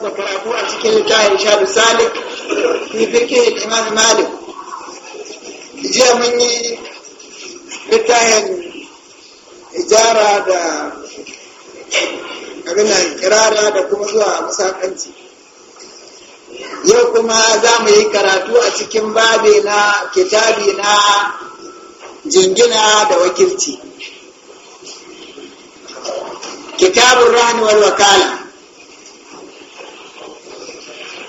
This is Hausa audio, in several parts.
da karatu a cikin littafin shaɗu salik fi fikin imam malik jiya mun yi littafin ijara da abin kirara da kuma zuwa musakanci yau kuma za mu yi karatu a cikin babi na kitabi na jingina da wakilci kitabun rahani wal wakala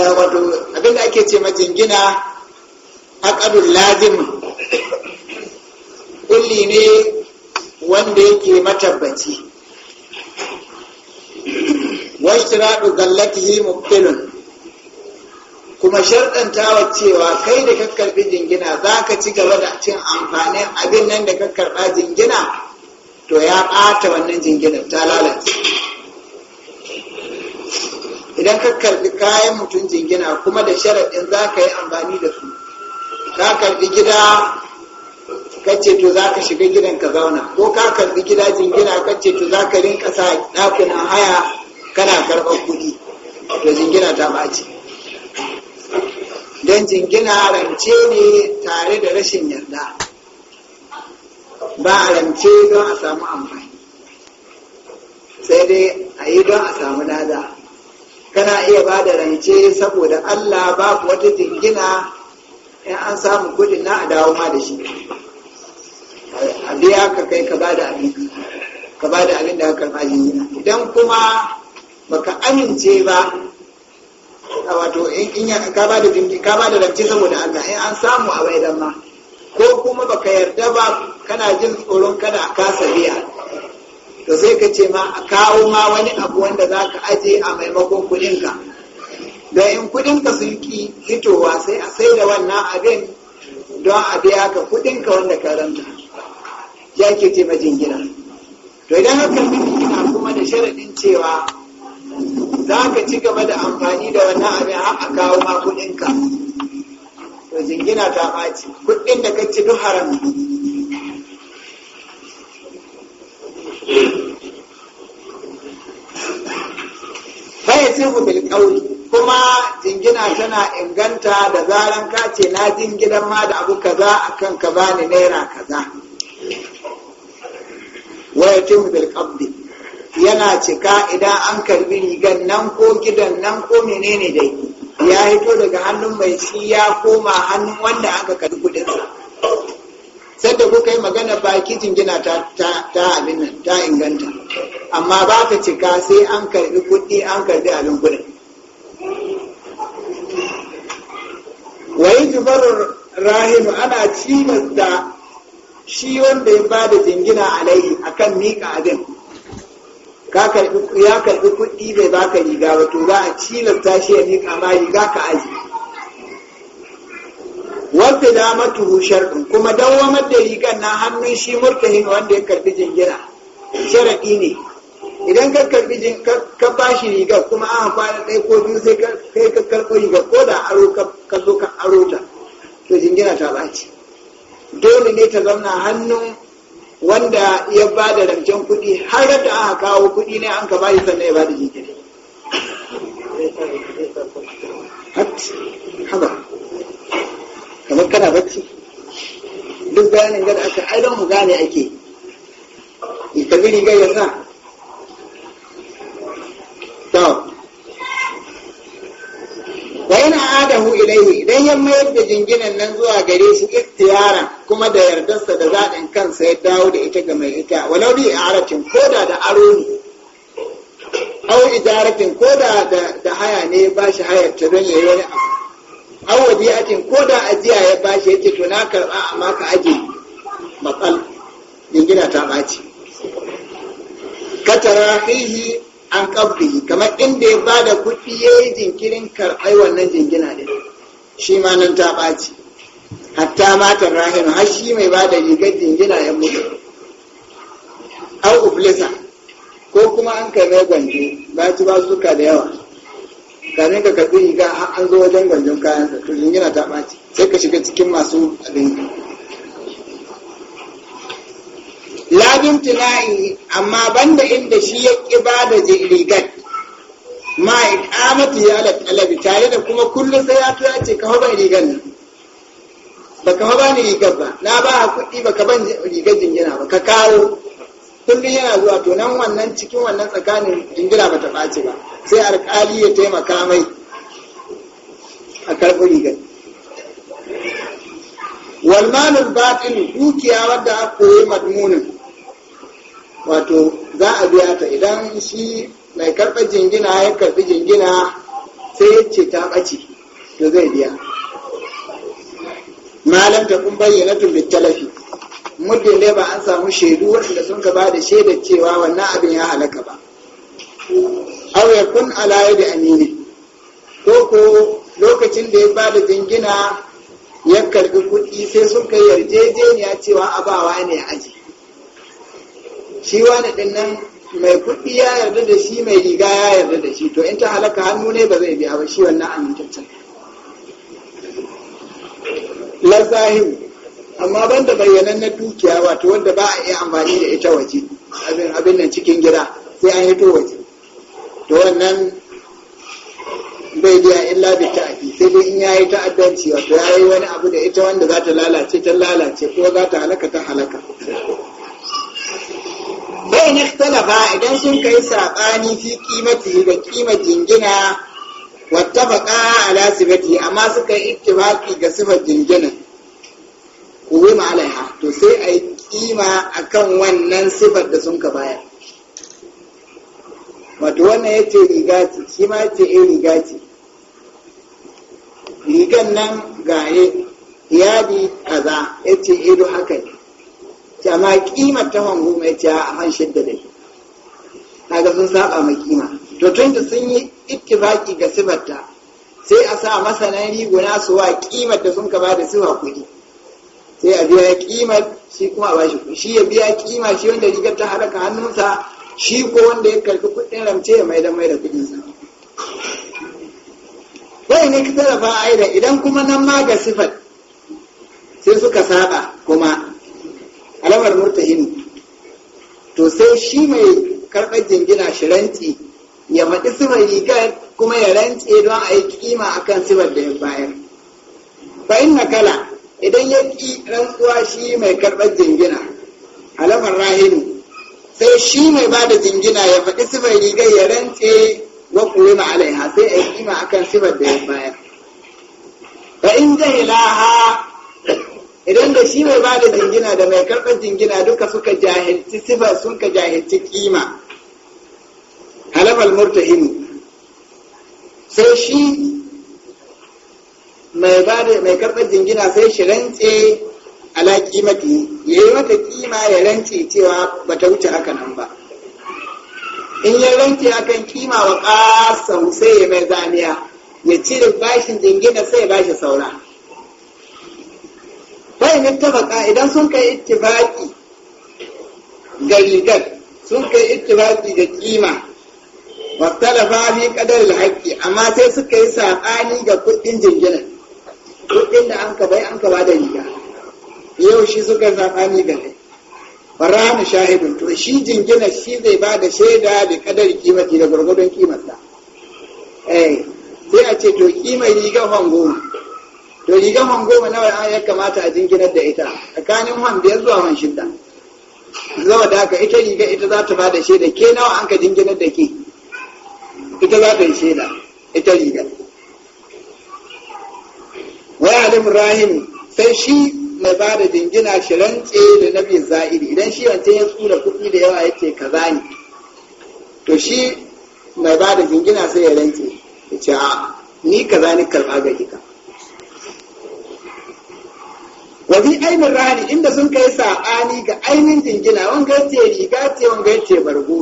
wato abinda ake ce majingina jingina lazim kulli ne wanda yake matabbaci washtiradu gallatihi mubtilun kuma sharɗantawa cewa kai da ka karɓi jingina za ka ci gaba da cin amfanin abin nan da ka karɓa jingina to ya ɓata wannan jinginar ta lalace idan ka karbi kayan mutum jingina kuma da sharaɗin za ka yi amfani da su ka karbi gida ka ce to za ka shiga gidan ka zauna ko ka karbi gida jingina ka ce to za ka rinka sa ɗakunan haya kana karɓar kuɗi to jingina ta ɓaci don jingina rance ne tare da rashin yarda ba a rance don a samu amfani sai dai a yi don a samu lada kana iya ba da rance saboda Allah babu wata jingina in an samu kudin na a dawo ma da shi a biya ka kai ka ba da abin ka ba da abin da ka karɓa jingina idan kuma baka amince ba a wato in ka ba da jingina ka ba da rance saboda Allah in an samu a bai ma ko kuma baka yarda ba kana jin tsoron kada ka kasa biya to sai ka ce ma a kawo ma wani abu wanda za ka aje a maimakon kudinka da in kudinka sun ki hitowa sai a sai da wannan abin don a biya ka kudinka wanda ka ranta ya ke ce majingina to idan haka na kuma da sharaɗin cewa za ka ci gaba da amfani da wannan abin har a kawo ma kudinka to jingina ta ɓaci kudin da ka ci duk haram yasihu bil qawli kuma jingina tana inganta da zaran ka ce na jingidan ma da abu kaza akan kaza ne naira kaza wa yatimu bil qabdi yana cika idan an karbi rigan nan ko gidan nan ko menene dai ya hito daga hannun mai shi ya koma hannun wanda aka karbi kudin sa sai da kuka yi magana baki jingina ta abin nan ta inganta amma ba ta cika sai an karbi kuɗi an karbi abin kuɗin wayi jubarar rahimu ana cimasta shi wanda ya ba da jingina a akan miƙa abin ya karbi kuɗi bai baka riga ba to za a cilasta shi ya miƙa ma riga ka aji wadda da matuhu sharɗin kuma dawamar da rigar na hannun shi murtahin wanda ya karbi jingina sharaɗi ne idan ka karbi jin ka bashi rigar kuma an kwana ɗaya ko biyu sai kai ka karɓo rigar ko da aro ka zo ka aro ta to jingina ta ɓaci dole ne ta zauna hannun wanda ya ba da rancen kuɗi har da aka kawo kuɗi ne an ka bashi sannan ya ba da jingina kamar kana bacci duk bayanin gada aka ai mu gane ake il kabiri ga yana to wa yana adahu ilaihi idan ya mayar da jinginan nan zuwa gare shi iktiyara kuma da yardarsa da zaɗin kansa ya dawo da ita ga mai ita walau bi aratin koda da aro ne au ijaratin koda da haya ne ba shi hayar ta don yayi wani abu au wadiyatin koda ajiya ya bashi ce to na karba amma ka aje matsal jingina ta ɓaci katarahihi an kabdi kamar inda ya bada kuɗi ya yi jinkirin karɓar wannan jingina ɗin shi ma nan ta ɓaci hatta ma rahinu har shi mai bada rigar jingina ya mutu au ublisa ko kuma an kai mai gwanje ba ci ba suka da yawa kamin ka karɓi riga an zo wajen gwanjon kayan to jingina ta ɓaci sai ka shiga cikin masu abin lazim tila'i amma banda inda shi ya ƙi ba da rigar ma ikamati ya alabi tare da kuma kullum sai ya tura ce ka hoba rigar nan ba ka hoba ni rigar ba na ba a kuɗi ba ka ban rigar jingina ba ka kawo kullum yana zuwa to nan wannan cikin wannan tsakanin jingina ba ta ɓaci ba sai alƙali ya taimaka mai a karɓi rigar walmanul batin dukiya wadda aka koyi madmunin wato za a biya ta idan shi mai karɓar jingina ya karɓi jingina sai ya ce ta ɓace to zai biya malam ta kun bayyana tun talafi muddin dai ba an samu shaidu waɗanda sun ka ba da shaidar cewa wannan abin ya halaka ba aw kun alaye da amini ko ko lokacin da ya ba da jingina ya karɓi kuɗi sai sun kai yarjejeniya cewa abawa ne a aji shi wani din nan mai kuɗi ya yarda da shi mai riga ya yarda da shi to in ta halaka hannu ne ba zai biya ba shi wannan amintaccen lazahiru amma banda bayyanan na dukiya wato wanda ba a iya amfani da ita waje abin abin nan cikin gida sai an hito waje to wannan bai biya illa bi ta'adi sai dai in yayi ta'addanci wato yayi wani abu da ita wanda za ta lalace ta lalace ko za ta halaka ta halaka bayan ikhtalafa idan sun kai saɓani fi kimati da kima jingina wattafaqa ala sifati amma suka yi ittifaqi ga sifar ku kuwima alaiha to sai a yi kima a kan wannan sifar da sun ka bayar wato wannan ya ce riga ce shi ma ya ce eh riga ce rigan nan gaye yadi kaza ya ce eh haka ne ta ma kimar ta hango mai ta a man shidda da shi kaga sun saba ma kima to tun da sun yi ittifaki ga sifarta sai a sa masanan riguna su wa kimar da sun ba da sifa kuɗi sai a biya kimar shi kuma ba shi shi ya biya kima shi wanda rigar ta haraka hannunsa shi ko wanda ya karfi kuɗin ramce ya maida maida sa bai ne ka tarafa aida idan kuma nan ma ga sifar sai suka saba kuma alamar murtahin to sai shi mai karɓar jingina shi rantsi ya maɗi sifar rigar kuma ya rantse don a yi kima a kan sifar da ya bayar bayan na kala idan ya ƙi rantsuwa shi mai karɓar jingina alamar rahinu sai shi mai ba da jingina ya faɗi sifar rigar ya rantse wa kulima alaiha sai a yi kima a kan sifar da ya bayar jahilaha idan da shi mai bada jingina da mai karɓar jingina duka suka jahilci sifar suka jahilci kima halafal murtahin sai shi mai bada mai karɓar jingina sai shi rantse ala kimati ya yi mata kima ya rantse cewa ba ta wuce haka nan ba in ya rantse akan kima wa ƙasa sai ya mai zaniya ya cire bashin jingina sai ya bashi saura bai ne tabaka idan sun kai ittifaki ga rigar sun kai ittifaki ga kima talafa fi kadar haƙƙi amma sai suka yi saɓani ga kuɗin jinginar kuɗin da an ka bai an ka da riga yau shi suka saɓani ga kai farahanu shahidun to shi jingina shi zai ba da shaida da kadar kimati da gwargwadon kimarsa eh sai a ce to kimar rigar hon to rigar man goma nawa ya kamata a jinginar da ita tsakanin man biyar zuwa man shidda zama da haka ita riga ita za ta ba da shaida ke nawa an ka jinginar da ke ita za ta yi shaida ita riga wai da rahim sai shi mai ba da jingina shi rantse da nabi za'iri idan shi wancan ya tsura kuɗi da yawa yake ka zani to shi mai ba da jingina sai ya rantse ya ce a ni ka zani karɓa ga kika wa bi ainin rani inda sun kai saɓani ga ainihin jingina wanga ce riga ce wanga ce bargo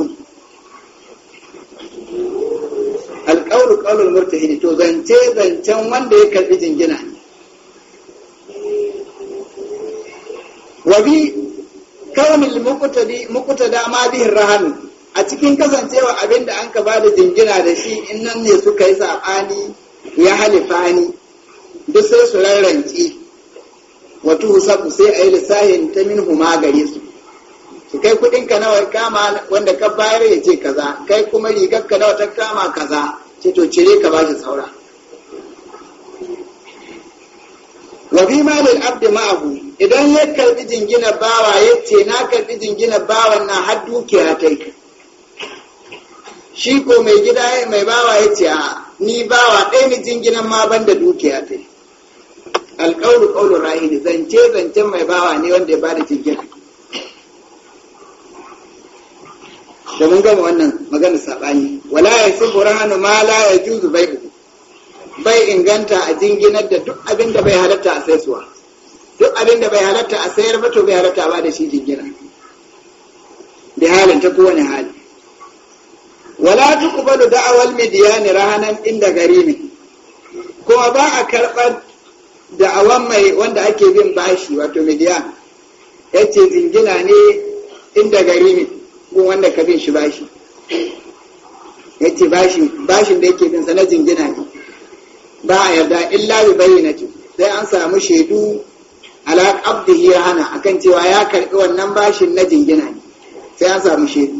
ne ƙaunar murta hini to zance zancen wanda ya karbi jingina ne wa bi kawamil ma bihin rahanu a cikin kasancewa abinda an ka bada jingina da shi in nan ne suka yi saɓani ya halifa ni duk sai su rarrance wato sabu sai a yi lissahin ta min huma gare su su kai kudin ka nawa kama wanda ka bayar ya ce kaza kai kuma rigar ka nawa ta kama kaza ce to cire ka ba shi saura wa ma lil abdi ma'ahu idan ya karbi jingina bawa ya ce na karbi jingina bawan na har dukiya ta yi shi ko mai gida mai bawa ya ce ni bawa ɗaya ni jinginan ma ban da dukiya ta yi alƙaunu ƙaunin ne zance zancen mai bawa ne wanda ya bada cikin da mun gama wannan magana saɓani wala ya sun burhanu ma la ya juzu bai bai inganta a jinginar da duk abin da bai halatta a saisuwa duk abin da bai halatta a sayar ba to bai halatta ba da shi jingina da halin ta kowane hali wala tuqbalu da'awal midyani rahanan inda gari ne kuma ba a karɓar da'awan mai wanda ake bin bashi wato midiyan ya ce zingina ne inda gari ne ko wanda ka bin shi bashi ya ce bashin da yake bin sa na jingina ne ba a yarda illa bi bayyana ce sai an samu shaidu ala abdihi ya hana akan cewa ya karbi wannan bashin na jingina ne sai an samu shaidu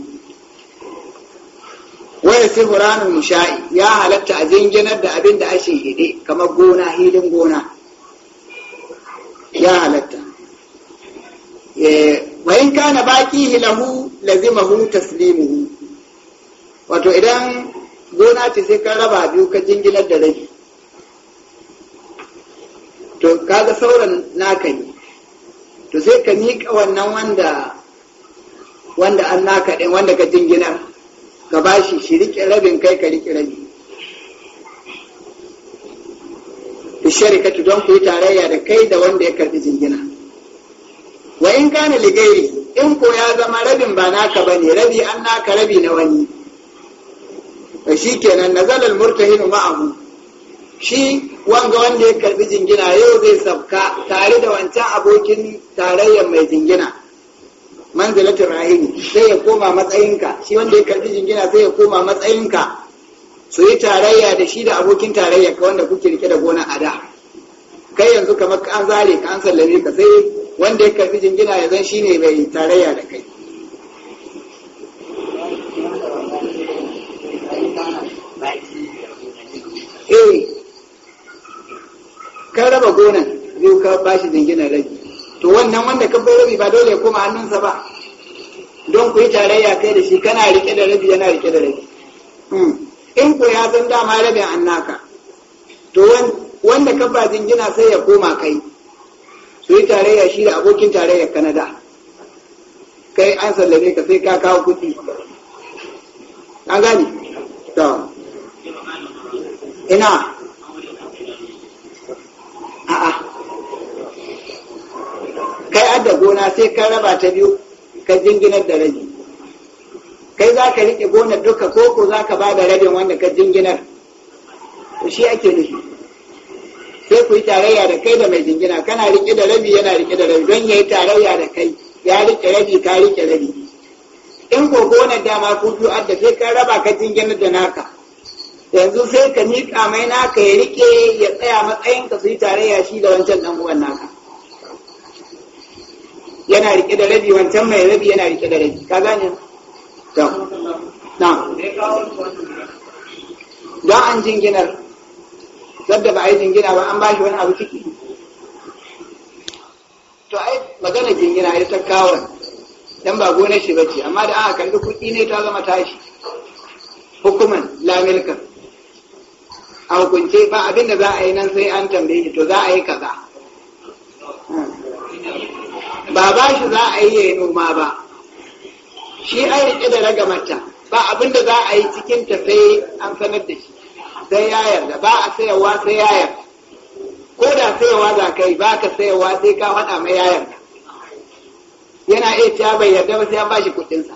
waya sai huranin musha'i ya halatta a jinginar da abin da ake hide kamar gona hilin gona ya halatta wa in kana baki lahu lazimahu taslimuhu wato idan gona ce sai ka raba biyu ka jingilar da rabi to kaga sauran naka ne to sai ka miƙa wannan wanda wanda an naka ɗin wanda ka jingina ka bashi shi riƙe rabin kai ka riƙe rabi bisharikati don ku yi tarayya da kai da wanda ya karbi jingina wa in kana ligairi in ko ya zama rabin ba naka bane rabi an naka rabi na wani da shi kenan nazalal murtahin ma'ahu shi wanga wanda ya karbi jingina yau zai sabka tare da wancan abokin tarayyar mai jingina manzilatin rahimi sai ya koma matsayinka shi wanda ya karbi jingina sai ya koma matsayinka su yi tarayya da shi da abokin tarayya ka wanda kuke rike da gona a da kai yanzu kamar an zare ka an sallame ka sai wanda ya karfi jingina ya zan ne mai tarayya da kai eh ka raba gonan zai ka bashi jingina rabi to wannan wanda ka bai rabi ba dole ya koma hannunsa ba don ku yi tarayya kai da shi kana rike da rabi yana rike da rabi hmm. in ko ya san dama rabin annaka to wanda ka ba jingina sai ya koma kai su yi tarayya shi da abokin tarayyar kanada kai an sallame ka sai ka kawo kuɗi an gani to ina a'a kai adda gona sai ka raba ta biyu ka jinginar da rabi kai za ka riƙe gonar duka ko ko za ka ba da rabin wanda ka jinginar to shi ake nufi sai ku yi tarayya da kai da mai jingina kana riƙe da rabi yana riƙe da rabi don ya yi tarayya da kai ya riƙe rabi ka riƙe rabi in ko gonar dama ku biyu adda sai ka raba ka jinginar da naka yanzu sai ka miƙa mai naka ya riƙe ya tsaya matsayinka su yi tarayya shi da wancan ɗan uwan naka yana riƙe da rabi wancan mai rabi yana riƙe da rabi ka gane to na don an jinginar sadda ba a yi jingina ba an ba shi wani abu ciki to ai magana jingina ya ta kawon dan ba gonar shi bace amma da aka kalli kuɗi ne ta zama tashi hukuman lamilkan a hukunce ba abin da za a yi nan sai an tambaye shi to za a yi kaza hmm. ba ba shi za a yi ya yi noma ba shi ai rike da ragamarta ba abin da za a yi cikin ta sai an sanar da shi sai ya yarda ba a sayarwa sai ya yarda ko da sayarwa za ka yi ba ka sayarwa sai ka faɗa mai ya yana iya ta bai yarda ba sai an bashi kuɗinsa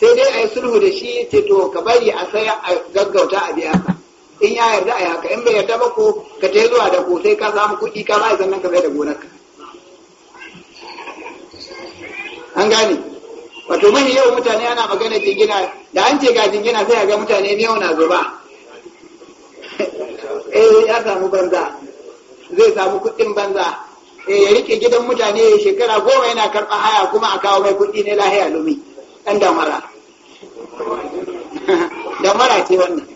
sai dai a yi sulhu da shi ce to ka bari a sai a gaggauta a biya ka in ya yarda a haka in bai yarda ba ko ka ta zuwa da ko sai ka samu kuɗi ka ba sannan ka bai da gonarka an gane wato mahi yau mutane ana magana jingina da an ce ga jingina sai ga mutane yau na ba. eh ya samu banza zai samu kuɗin banza eh ya rike gidan mutane shekara goma yana karɓa haya kuma a kawo mai kuɗi ne lahiya lumi ɗan damara damara ce wannan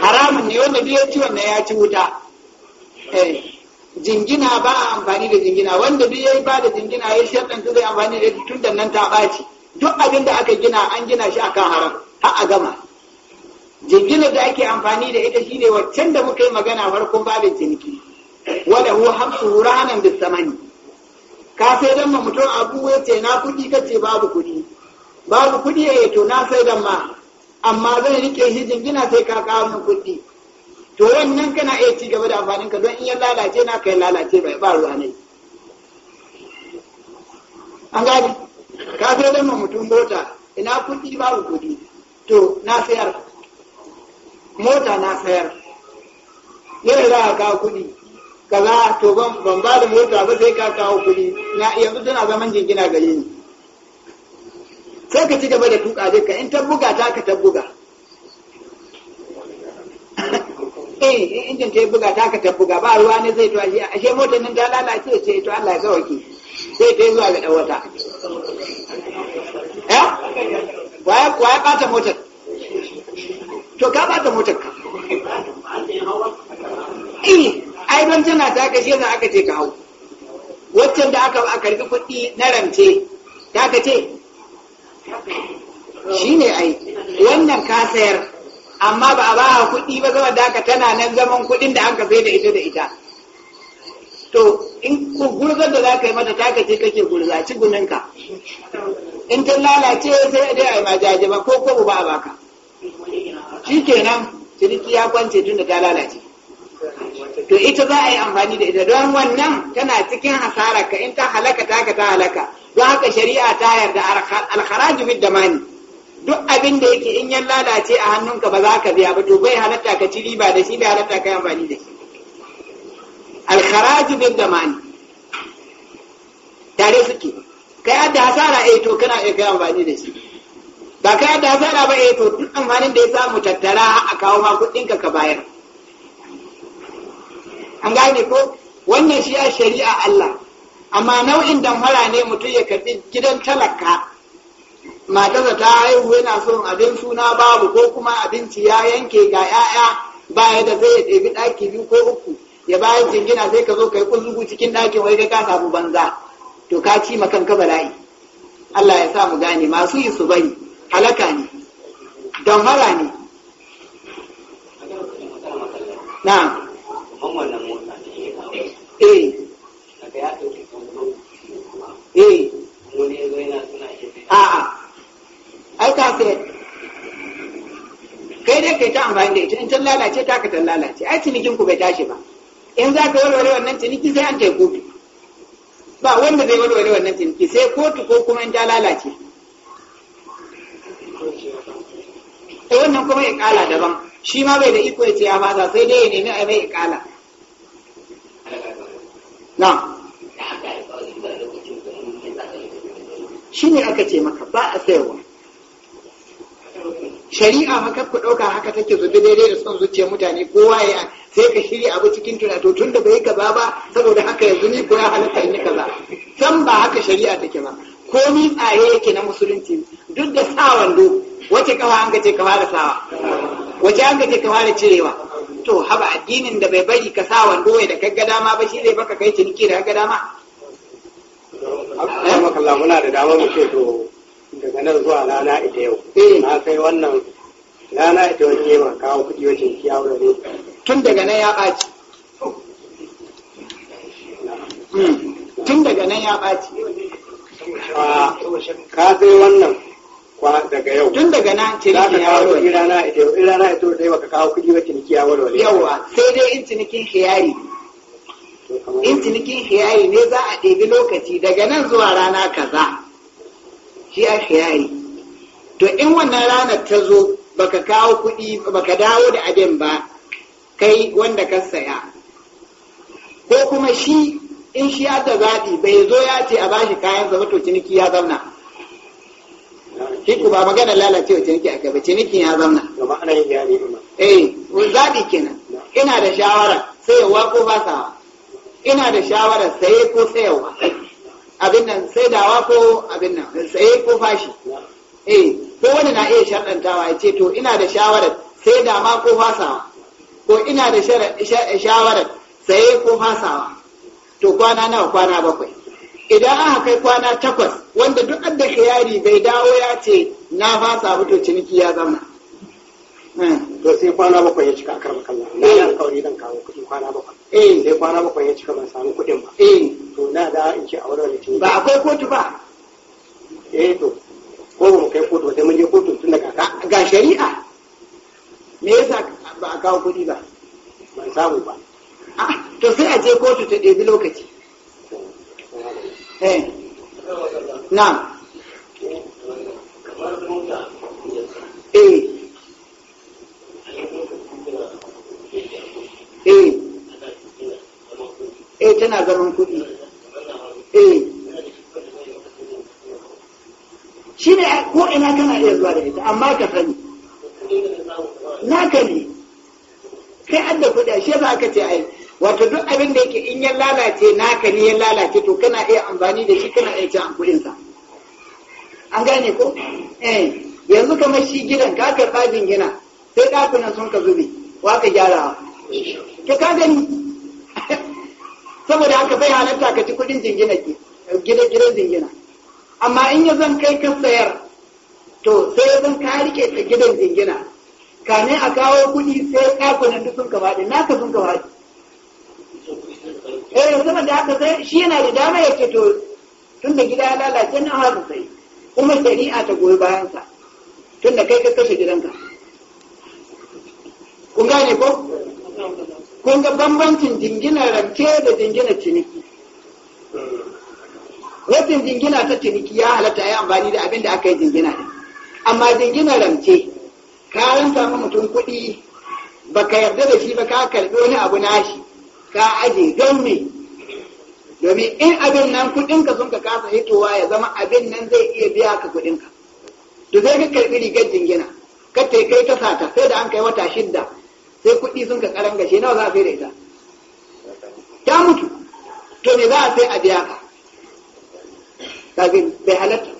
haramun ne wanda duk ya ci wannan ya ci wuta eh jingina ba a amfani da jingina wanda duk ya yi ba da jingina ya shaɗanta zai amfani da tun da nan ta ɓaci duk abin da aka gina an gina shi akan haram har a gama jinginar da ake amfani da ita shine waccan da muka yi magana farkon babin ciniki wala huwa hamsu rahanan samani ka sai dan mutum abu ya ce na kuɗi kace babu kuɗi babu kuɗi ya eh, to na sai dan ma amma zan rike shi jingina sai ka kawo min kuɗi to wannan kana iya ci gaba da amfanin ka don in ya lalace na kai lalace bai ba ruwa ne an gani ka ba ma mutum mota ina kuɗi babu kuɗi to na sayar mota na sayar yau za a kawo kuɗi kaza to ban ba da mota ba sai ka kawo kuɗi na yanzu tana zaman jingina gare ni sai ka ci gaba da tuka duka in tabbuga ta ka tabbuga eh injin ta buga ta ka tabbuga eh, ba ruwa ne zai to ashe motar nan ta lalace ce to Allah ya zawaki sai yi zuwa ga ɗan wata ya eh? waya waya bata motar to ka bata motar ka eh ai tana ta kashe na aka ce ka hau waccan da aka a karbi kuɗi na ramce ta ka ce shi ne ai wannan ka sayar amma ba a ba kuɗi ba zama da aka tana nan zaman kuɗin da an ka sai da ita da ita to in gurgar da za ka yi mata taka ce kake gurzaci guninka in ta lalace sai dai a yi majaje ba ko ko ba a baka shi kenan ciniki ya kwance tun da ta lalace to ita za a yi amfani da ita don wannan tana cikin hasarar ka in ta halaka taka ta halaka don haka shari'a ta yarda alharaju bid Mani, duk abin da yake in ya lalace a hannunka ba za ka biya ba to bai halatta ka ci riba da shi bai halatta ka yi amfani da shi alkharaju bin gamani tare suke kai adda hasara eh to kana iya amfani da shi ba kai adda hasara ba eh to duk amfanin da ya samu tattara a kawo ma kuɗinka ka bayar an gane ko wannan shi a shari'a Allah amma nau'in damfara ne mutum ya karbi gidan talaka matarsa ta haihu yana son abin suna babu ko kuma abinci ya yanke ga 'ya'ya ba ya da zai ɗebi ɗaki biyu ko uku ya bayan jingina sai ka zo ka yi kunzugu cikin ɗakin wai ga ka samu banza to ka ci ma kanka bala'i Allah ya sa mu gane masu yi su bari halaka ne don mara ne na eh eh a'a ai ka sai kai dai kai ta amfani da ita in ta lalace ta ka ta lalace ai cinikin ku bai tashi ba in za ka walwale wannan ciniki sai an kai kotu ba wanda zai walwale wannan ciniki sai kotu ko kuma in ta lalace ta eh, wannan kuma kala daban shi ma bai da iko ya ce ya maza sai dai ya nemi a mai ikala na shi ne aka ce maka ba a sayarwa shari'a haka ku ɗauka haka take zubi daidai da son zuciyar mutane kowa ya sai ka shirya abu cikin tunato tun da bai kaza ba saboda haka yanzu ni ya halitta in yi kaza san ba haka shari'a take ba komi tsaye yake na musulunci duk da sa wando wace kafa an gace ka fara sawa wace an gace ka fara cirewa to haba addinin da bai bari ka sa wando ya da kaga dama ba shi zai baka kai ciniki da kaga dama. Allah muna da dama mu ce to daga nan zuwa rana ita yau eh. na kai wannan rana ita wani yawa kawo kuɗi wajen kiya wurare tun daga nan ya ɓaci hmm. tun daga nan ya ɓaci ah, ka sai wannan daga yau tun daga nan ciniki ya warware za rana ita yau rana ita yau da yawa ka kawo kuɗi wajen ciniki ya warware yawa sai dai in cinikin khiyari in cinikin hiyari ne za a ɗebi lokaci daga nan zuwa rana kaza za shi a to in wannan ranar ta zo baka kawo kuɗi baka dawo da abin ba kai wanda ka saya ko kuma shi in shi ya ta zaɓi bai zo ya ce a bashi kayan sa to ciniki ya zauna shi ba magana lalacewa ciniki a gaba Ciniki ya zauna eh zaɓi kenan ina da shawara sai ya wako ina da shawara saye ko sayarwa abin nan sai dawa ko abin nan sai ko fashi eh ko wani na iya shaɗantawa ya ce to ina da shawarar sai ma ko fasawa ko ina da shawarar saye ko fasawa to kwana nawa kwana bakwai idan aka kai kwana takwas wanda duk adda khiyari bai dawo ya ce na fasa mutu ciniki ya zama eh, to sai kwana bakwai ya cika karbakan eh. na yi alkawari kawo kwana bakwai eh sai kwana bakwai ya cika ban samu kuɗin ba eh to na da in ce a wurin litinin ba akwai kotu ba eh to ko mu kai kotu sai mun je kotu tun daga ga shari'a me yasa ba a kawo kuɗi ba ban samu ba a ah, to sai a je kotu ta ɗebi lokaci eh, eh. na'am tana zaman kuɗi eh shi ne ko ina kana iya zuwa da ita amma ka sani ne kai an da kuɗi shi ba ka ce ai wato duk abin da yake in ya lalace naka ne ya lalace to kana iya amfani da shi kana iya cin kuɗinsa an gane ko eh yanzu kamar shi gidan ka karɓa jingina sai ɗakunan sun ka zube wa ka gyarawa ka ka gani saboda haka bai halatta ka ci kudin jingina ke gida gidan jingina amma in ya zan kai ka sayar to sai ya zan ka ke ta gidan jingina ne a kawo kudi sai kakunan duk sun gaba da ka sun gaba da eh zama da haka sai shi yana da dama ya ce to tun da gida ya lalace na haka sai kuma shari'a ta goyi bayansa tun da kai ka kashe gidanka kun gane ko kun ga bambancin jingina rance da jingina ciniki rabin jingina ta ciniki ya halatta ya amfani da abin da aka yi jingina amma jingina rance ka ranta ma mutum kuɗi baka yarda da shi ba ka karɓi wani abu nashi ka aje don me domin in abin nan kuɗinka sun ka kasa hitowa ya zama abin nan zai iya biya ka kuɗinka to sai ka karɓi rigar jingina ka kai ta sata sai da an kai wata shidda sai kuɗi sun ka karam gashe nawa za a sai da ita ta mutu to me za a sai a biya ka kafin bai halatta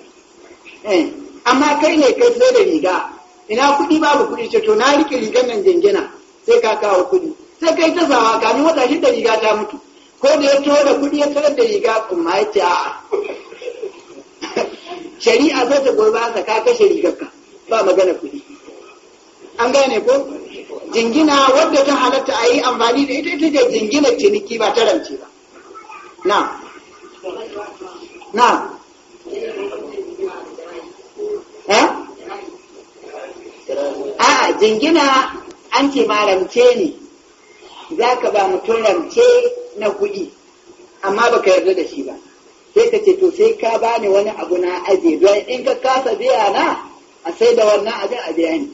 eh, amma kai ne kai sai da riga ina kuɗi babu kuɗi ce to na riƙe rigar nan jingina sai ka kawo kuɗi sai kai ta sawa kamin wata shi da riga ta mutu ko da ya taho da kuɗi ya tarar da riga kuma ya ce a'a shari'a zai ta goyi ka kashe rigar ka ba magana kuɗi an gane ko jingina wadda ta halatta a yi amfani da ita ita ce jingina ciniki ba ta rance ba na na eh? a jingina an ce ma rance ne za ka ba mutum rance na kuɗi amma baka yarda da shi ba sai ka ce to sai ka bani wani abu na ajiye don in ka kasa biya na a sai da wannan abin a biya ni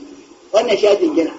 wannan sha jingina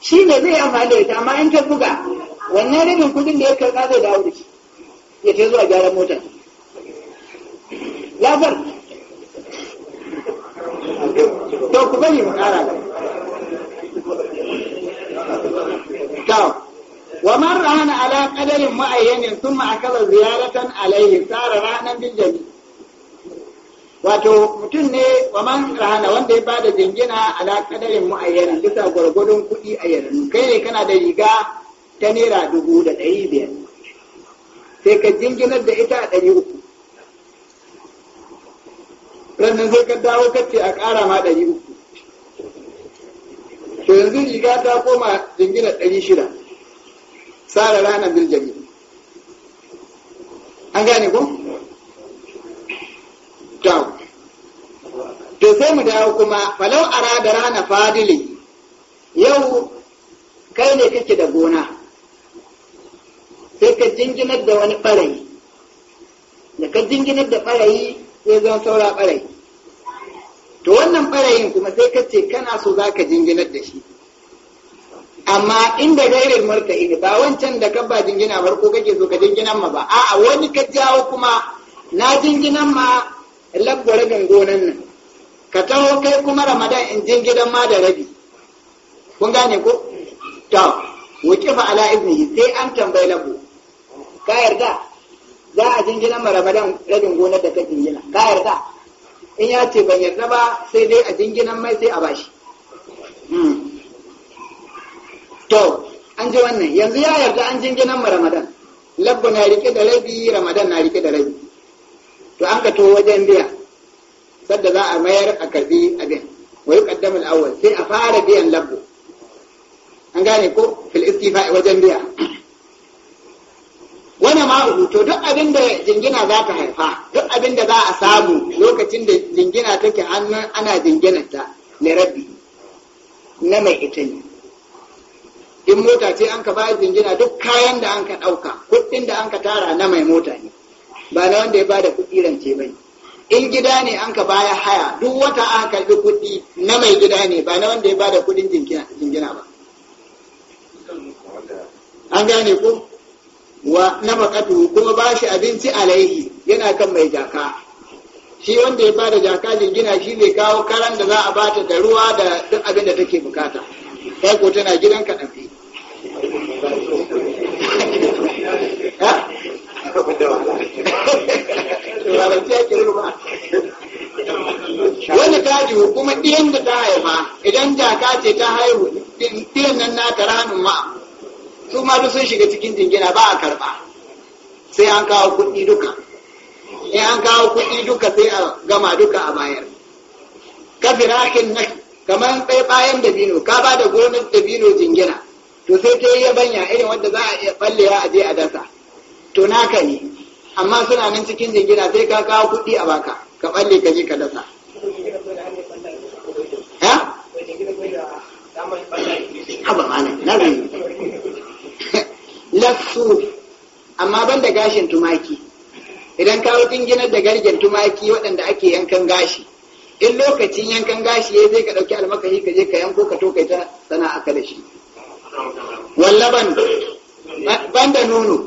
shi ne zai amfani da ita amma in ta buga wannan rabin kudin da ya karɓa zai dawo da shi ya ce zuwa gyaran motar labar to ku bari mu kara da wa man rana ala qadarin ma'ayyanin thumma akala ziyaratan alayhi sara ranan bil jami wato mutum ne wa man rahana wanda ya bada jingina ala kadarin mu'ayyana bisa gwargwadon kuɗi a yanzu kai ne kana da riga ta naira dubu da ɗari biyar sai ka jinginar da ita a ɗari uku sannan sai ka dawo ka ce a ƙara ma ɗari uku to yanzu riga ta koma jinginar ɗari shida sara ranar biljami an gane ko? kyau to sai mu dawo kuma falau a arada rana fadili yau kai ne kake da gona sai ka jinginar da wani ɓarayi da ka jinginar da ɓarayi sai zan saura ɓarayi to wannan ɓarayin kuma sai ka ce kana so za ka jinginar da shi amma inda gairar marka ini ba wancan da ka ba jingina farko kake so ka jinginan ma ba a'a wani ka jawo kuma na jinginan ma labba rabin gonan nan ka taho kai kuma ramadan in jin gidan ma da rabi kun gane ko ta kifa ala ibnihi sai an tambayi labo ka yarda za a jingina ma ramadan rabin gonar da ka jingina ka yarda in ya ce ban yarda ba sai dai a gidan mai sai a bashi hmm. to an ji wannan yanzu ya yarda an jinginan ma ramadan labba na rike da rabi ramadan na rike da rabi to an ka to wajen biya sadda za a mayar a karbi abin wa yi al-awwal sai a fara biyan labbu an gane ko fil istifa wajen biya wani ma to duk abin da jingina za ta haifa duk abin da za a samu lokacin da jingina take hannun ana jinginarta na rabbi na mai ita ne in mota ce an ka ba jingina duk kayan da an ka ɗauka kuɗin da an ka tara na mai mota ne ba na wanda ya bada kuɗi rance bai in gida ne an ka baya haya duk wata an karbi kuɗi na mai gida ne ba na wanda ya bada kuɗin jingina ba an gane ko wa Makatu, kuma ba shi abinci alaihi yana kan mai jaka shi wanda ya bada jaka jingina shi zai kawo karan da za a bata da ruwa da duk abin da take bukata kai ko tana gidan ka dafi wani kaji hukuma ɗiyan da ta haifa idan jaka ce ta haihu ɗiyan nan na ta ranin ma su ma duk sun shiga cikin jingina ba a karɓa sai an kawo kuɗi duka in an kawo kuɗi duka sai a gama duka a bayar ka firakin na kamar ɗaya bayan dabino ka ba da gonar dabino jingina to sai ta yi yabanya irin wanda za a iya ɓallewa a je a dasa to naka ne amma suna nan cikin jingina sai ka kawo kuɗi a baka ka balle ka je ka dasa amma ban da gashin tumaki idan kawo jinginar da gargen tumaki waɗanda ake yankan gashi in lokacin yankan gashi ya zai ka ɗauki almakashi ka je ka yanko ka to ta sana'a ka da shi wallaban banda nono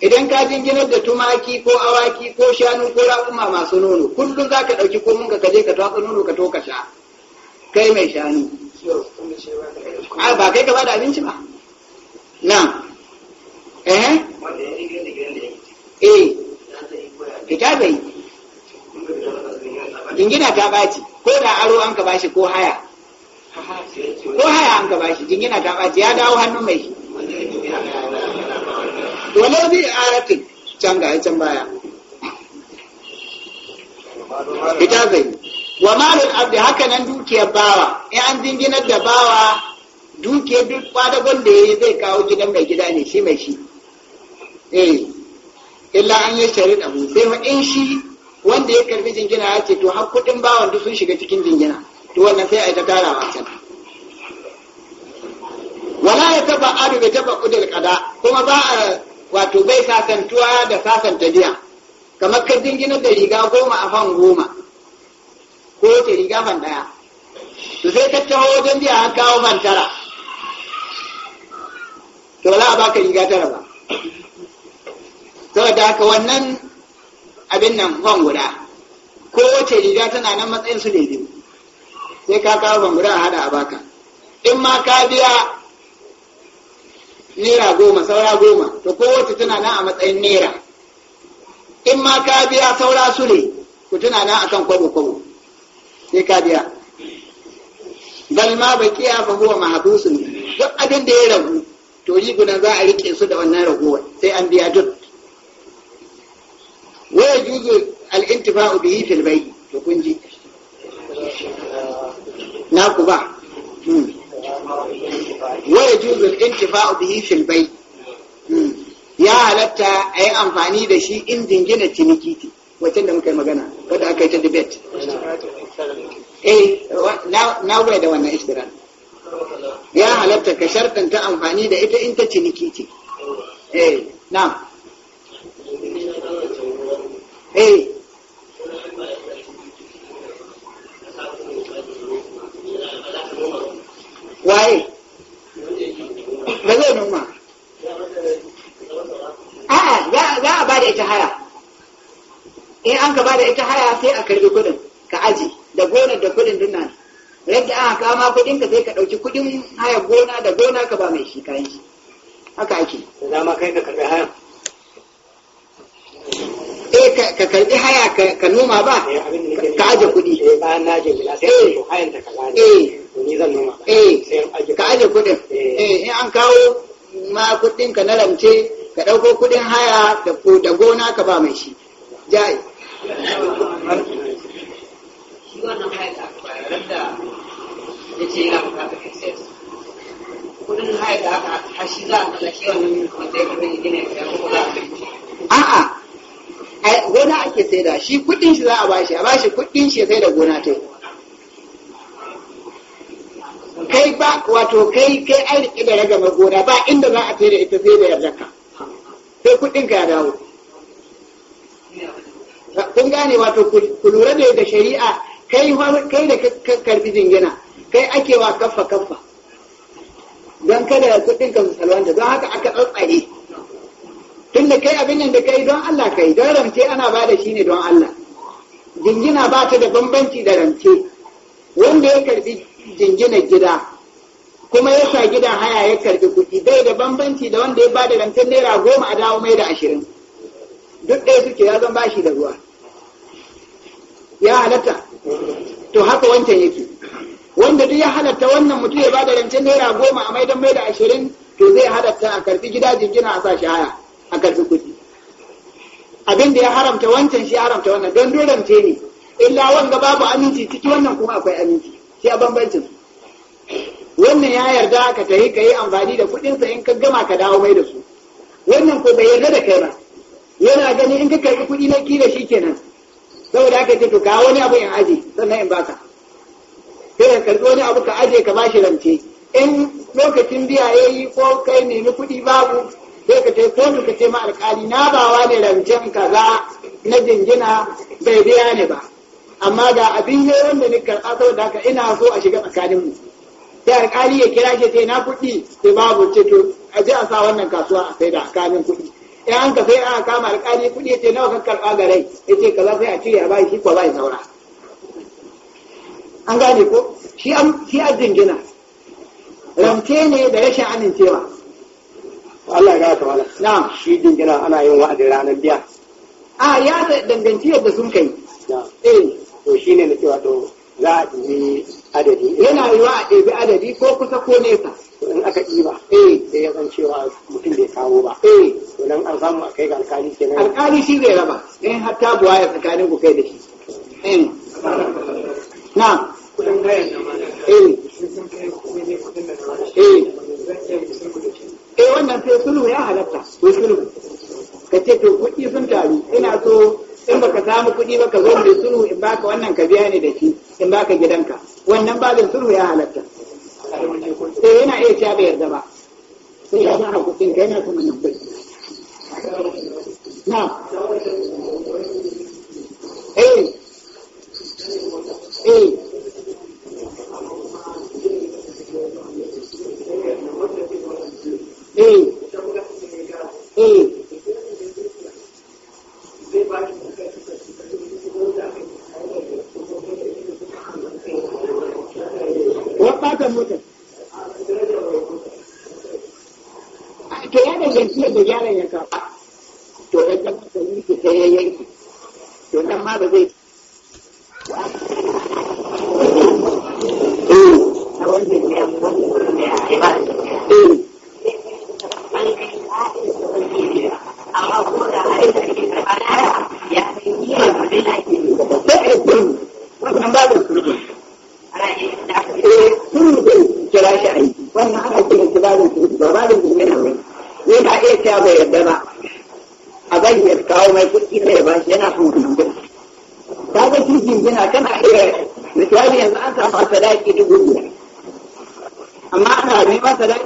idan ka jinginar da tumaki ko awaki ko shanu ko raƙuma masu nono kullum za ka ɗauki komin ka kaje ka tatsa nono ka toka ka sha kai mai shanu a ba kai ka bada abinci ba na eh eh ita bai jingina ta ɓaci ko da aro an ka bashi ko haya ko haya an ka bashi jingina ta ɓaci ya dawo hannun mai walau bi aratin can ga can baya ita zai wa malul abdi haka nan dukiyar bawa in an dinginar da bawa dukiyar duk kwadagon da yi zai kawo gidan mai gida ne shi mai shi eh illa an yi shari'a mu sai fa in shi wanda ya karbi jingina ya ce to har kudin bawan duk sun shiga cikin jingina to wannan sai a yi ta tarawa can wala ya taba adu ya taba kudin kada kuma ba a wato bai sasantuwa da sasanta biya kamar ka jingina da riga goma a fan goma ko wace riga fan ɗaya to sai ka taho wajen biya an kawo fan tara to ba ka a baka riga tara ba saboda haka wannan abin nan fan guda ko wace riga tana nan matsayin su ne sai ka kawo fan guda a hada a baka in ma ka biya naira goma saura goma to kowace tana nan a matsayin naira in ma ka biya saura su ne ku tuna nan kan kwabo kwabo sai ka biya balma ma kiya ba huwa ne. duk abin da ya ragu to yi gudan za a rike su da wannan raguwar sai an biya duk waya yajuzu al-intifa'u yi filbai to kun ji na ku ba hmm. Waya yajuzu al-intifa'u bihi fil hmm. ya halatta ayi amfani da shi in dingina ciniki wacin da muka magana wadda aka yi ta debate eh na bai da wannan istirar ya halatta ka shartanta amfani da ita inta ta ciniki eh na da ita haya sai a karbi kudin ka aji da gonar da kuɗin nan yadda aka kama kudin ka sai ka ɗauki kuɗin haya gona da gona ka ba mai shi kayan shi haka ake ma kai ka karbi haya eh ka karbi haya ka noma ba eh, ka aje kuɗi eh, ba na gida sai eh. ka hayan ta kaza eh ni zan noma eh ka aje kuɗin eh in an kawo ma kudin ka na lamce ka ɗauko kuɗin haya da gona ka ba mai shi ja'i a a a'a gona ake saida shi kudin shi za a bashi a bashi kudin shi sai da gona ta kai ba wato kai kai an riƙe da ragama gona ba inda za a sai ita sai da yarda ka sai kudin ka ya dawo kun gane wato ku lura da da shari'a kai kai da ka karbi jingina kai ake wa kaffa kaffa don kada kuɗin ka musalwanta don haka aka tsatsare tun da kai abin da kai don Allah kai don ramce ana ba da shi ne don Allah jingina ba ta da bambanci da ramce wanda ya karbi jingina gida kuma ya sa gida haya ya karbi kuɗi bai da bambanci da wanda ya ba da rancen naira goma a dawo mai da ashirin duk ɗaya suke ya zan bashi da ruwa ya halatta to haka wancan yake wanda duk ya halatta wannan mutum ya bada rancen naira goma a maidan mai da ashirin to zai halatta a karfi gida jingina a sa shi a karfi kuɗi abin da ya haramta wancan shi haramta wannan don dorance ne illa wanga babu aminci ciki wannan kuma akwai aminci shi a bambancin wannan ya yarda ka tafi ka yi amfani da kuɗinsa in ka gama ka dawo mai da su wannan ko bai yarda da kai ba yana gani in ka karɓi kuɗi na da shi kenan saboda aka ce to ka wani abu in aje sannan in baka sai ka karbi wani abu ka aje ka bashi rance in lokacin biya yayi ko kai nemi kuɗi babu sai ka ce ko ka ce ma alƙali na bawa ne rancen kaza na jingina bai biya ne ba amma ga abin ne wanda ni karɓa saboda haka ina so a shiga mu sai alƙali ya kira shi sai na kuɗi sai babu ce to a je a sa wannan kasuwa a saida a kamin kuɗi in an ka sai an kama alƙali kuɗi ya ce nawa ka karɓa ga rai ya ce kaza sai a ce a bai shi ko bai saura an gane ko shi an shi an jingina ramce ne da rashin amincewa Allah ya ta wala na'am shi jingina ana yin wa'adin ranar biya a ya danganci yadda sun kai eh to shine na cewa to za a ɗibi adadi yana yiwa a ɗebi adadi ko kusa ko nesa in aka ɗiba eh sai ya san cewa mutum bai kawo ba eh kenan an samu a kai ga alkali kenan alkali shi zai raba in eh, har ta buwa ya tsakanin ku kai da shi eh. na kudin gayan eh eh eh wannan sai sulhu ya halatta ko sulhu ka ce to kuɗi sun taru ina so in baka samu kuɗi ba ka zo da sulhu in baka wannan ka biya ne da shi in baka gidanka wannan ba da sulhu ya halatta sai eh, yana iya cewa bai yarda ba sai ya fara kuɗin kai na kuma nan kuɗi نعم ايه ايه ايه ايه I was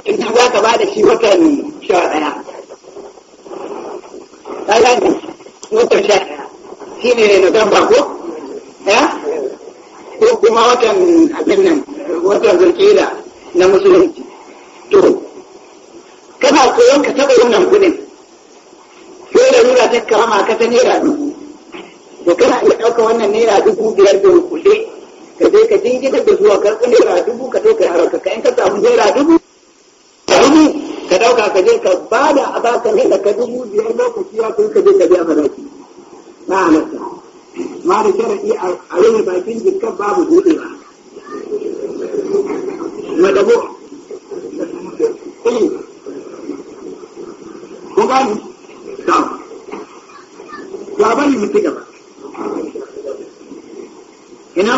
in za ka ba da shi watan sha ɗaya ɗaya ne wata sha ɗaya shi ne Nuwamba ko? ya? ko kuma watan abin nan watan zulkida na musulunci to kana koyon ka taɓa wannan kuɗin sai da rura ta kama ka ta naira dubu to kana iya ɗauka wannan naira dubu biyar da kuɗi ka je ka jingina da zuwa karɓi naira dubu ka to ka yi ka in ka samu naira dubu sadaka ka je ka ba da a baka ne da ka dubu biyar lokaci kun ka je ka biya sadaki na halatta ma da sharaɗi a rufe bakin babu eh. ko gaba ina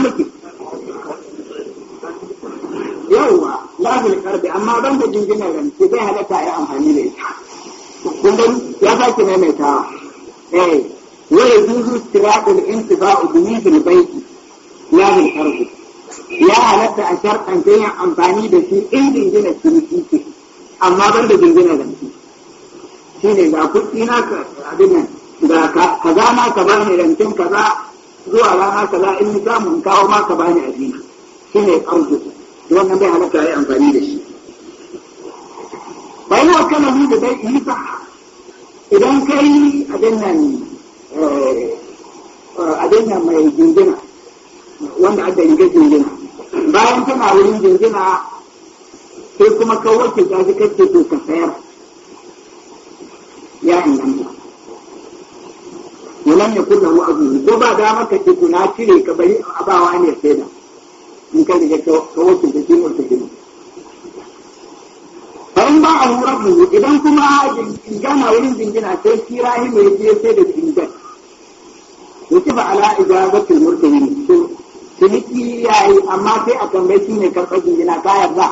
karbi amma ban da jinginar rance zai halatta ya amfani da ita kuma ya sake maimaitawa eh wa yajuzu tiraqul intifa'u bihi fil bayti la bil ardi ya halatta a sharɗan ta yin amfani da shi in jinginar ciniki ce amma ban da jinginar rance shi ne ga kuɗi na abin nan ga kaza ma ka bani rancen kaza zuwa rana kaza in ni samun kawo ma ka bani abin shi ne arzi wannan bai halatta ya yi amfani da shi akalahu da bai yi ba idan kai abin nan eh, eh, abin nan mai jingina wanda aka yi jingina bayan tana wurin jingina sai kuma ka wace ta shi kake so ka sayar ya inganta walan ya kulla wa abu ko ba da maka ce na cire ka bari abawa ne sai da in ka riga ka wace ta shi mutum amma a wurin idan kuma gana wurin jingina sai kira yi mai je sai da jingan yake ba ala ijabatul murtahin to ciniki yayi amma sai a tambaye shi ne karɓar jingina ka yarda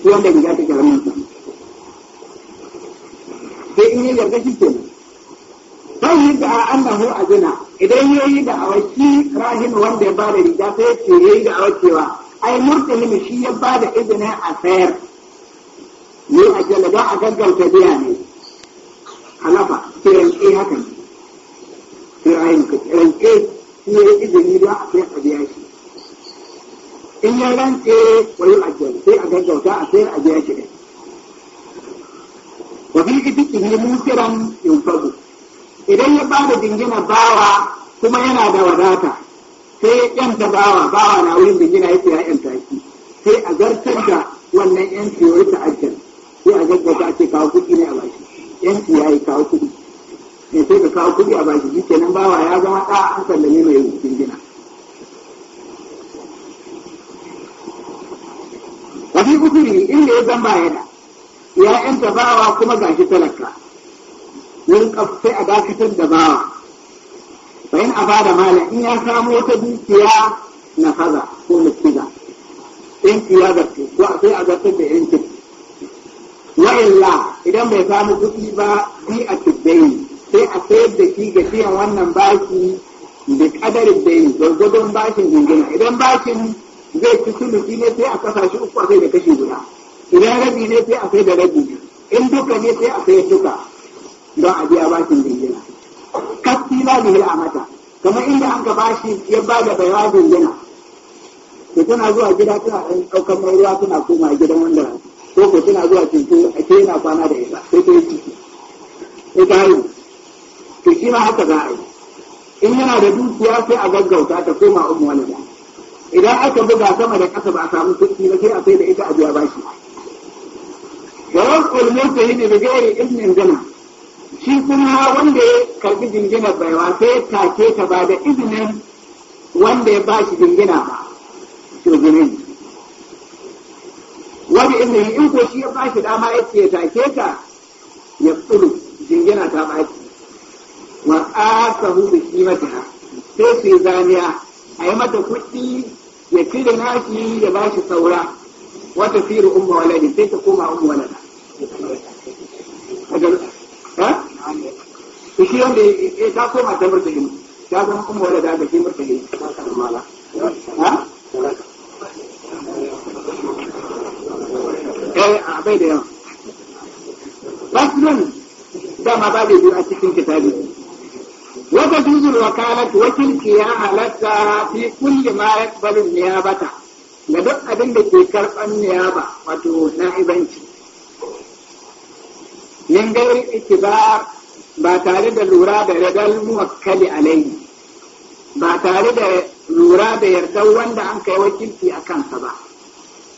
shi wanda ta kira wannan sai in yi yarda shi ke sai yi da annahu jina idan yayi da awaki rahin wanda ya bada riga sai ya yi ga da awakewa ai murtahin shi ya bada izinin a sayar ni a jala ba a gaggauta biya ne halafa kiran ke haka sai rance shi ne izini don a sai a biya shi in ya rance wani ajiyar sai a gaggauta a sayar a biya shi ne wa fi ibiki ne musiran yunfagu idan ya bada dingina bawa kuma yana da wadata sai yanta bawa bawa na wurin dingina yake ya yanta shi sai a zartar da wannan yanci wani ta'ajjar sai a gaggauta ce kawo kuɗi ne a bashi yanki ya yi kawo kuɗi ne sai ka kawo kuɗi a bashi shi kenan bawa ya zama ɗa an sallame mai gina. jingina wafi usuri inda ya zan baya da ya yanta bawa kuma gashi talaka yin sai a dakatar da bawa bayan a bada mala in ya samu wata dukiya na haza ko na ciza yanki ya zarce ko sai a zartar da yankin Wa'illa idan bai samu kuɗi ba bi a tuddai sai a sayar da shi ga biyan wannan baki da kadarin da yi gwargwadon bakin jingina idan bakin zai ci suluki ne sai a kasa shi uku a sai da kashi guda idan rabi ne sai a sai da rabi in duka ne sai a sai duka don a biya bakin jingina kasti la bihil amata kamar inda an ka bashi ya ba da baiwa jingina to tana zuwa gida tana ɗaukar mai ruwa tana koma gidan wanda ko ko zuwa cinto a ke yana kwana da ita sai ta yi ciki sai ta shi ma haka za a yi in yana da dukiya sai a gaggauta ta koma umu wani ba idan aka buga sama da ƙasa ba a samu kuɗi ba sai a sai da ita a biya bashi wa wasu da bi gairi ibnin jana shi kuma wanda ya karbi jingina baiwa sai ya take ta ba da izinin wanda ya bashi jingina ba to wani inda in ko shi ya bashi dama ya ce take ka ya tsuru jingina ta baki wa asahu bi qimatiha sai su zaniya a yi mata kuɗi ya cire nashi ya bashi saura wata firu umma waladi sai ta koma umma walada ha to shi wanda ta koma ta murtahin ta zama umma walada da shi murtahin ha eh a bai da yawa faslun dama ba biyu a cikin kitabi wata tuzul wakalat wakilci ya halatta fi kulli ma yaqbalu niyabata da duk abin da ke karban niyaba wato na'ibanci min gairi ikibar ba tare da lura da radal muwakkali alaihi ba tare da lura da yardar wanda an kai wakilci a kansa ba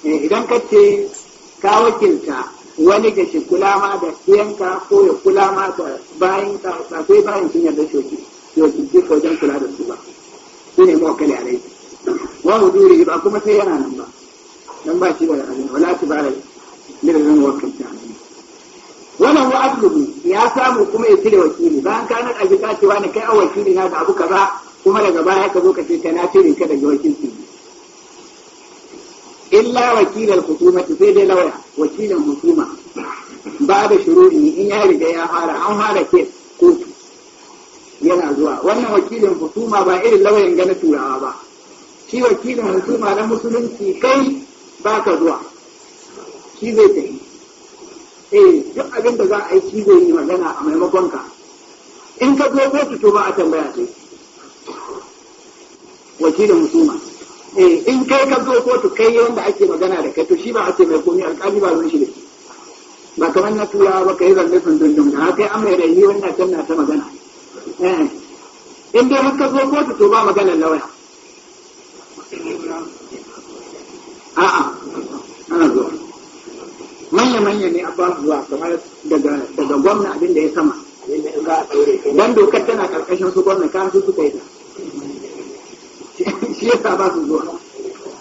eh, idan ka ce ka wakilta wani da shi kula ma da siyanka ko ya kula ma da bayan ka ba sai bayan sun yarda shoki shoki ji wajen kula da su ba shi ne mawakali a laifi wa huduri ba kuma sai yana nan ba dan ba shi da abin wala ta ba da lirin wakilta wannan wa aslubu ya samu kuma ya cire wakili bayan ka nan a jika cewa ni kai a wakili na da abu ka ba, kuma daga baya ka zo ka ce ta na cire ka daga wakilci illa wakilar hukuma sai dai lauya wakilin hukuma ba da shuruɗi in ya riga ya fara an fara ke kotu yana zuwa wannan wakilin hukuma ba irin lauyan gana turawa ba shi wakilin hukuma na musulunci kai ba ka zuwa shi zai tafi eh duk abin da za a yi shi zai yi magana a maimakon ka in ka zo kotu to ba a tambaya sai wakilin hukuma Eh, in kai ka zo kotu kai wanda ake magana da kai to shi ba ake mai komi alƙali ba ruwan shi ne ba kamar na tura ba kai zan sun dundun da kai an mai rayu wanda can na ta magana eh, in dai har ka zo kotu to ba maganar lauya a'a ana zuwa manya-manya ne a basu zuwa kamar daga gwamna abin da ya sama don dokar tana karkashin su gwamna kan su suka yi ta shi yasa ba su zuwa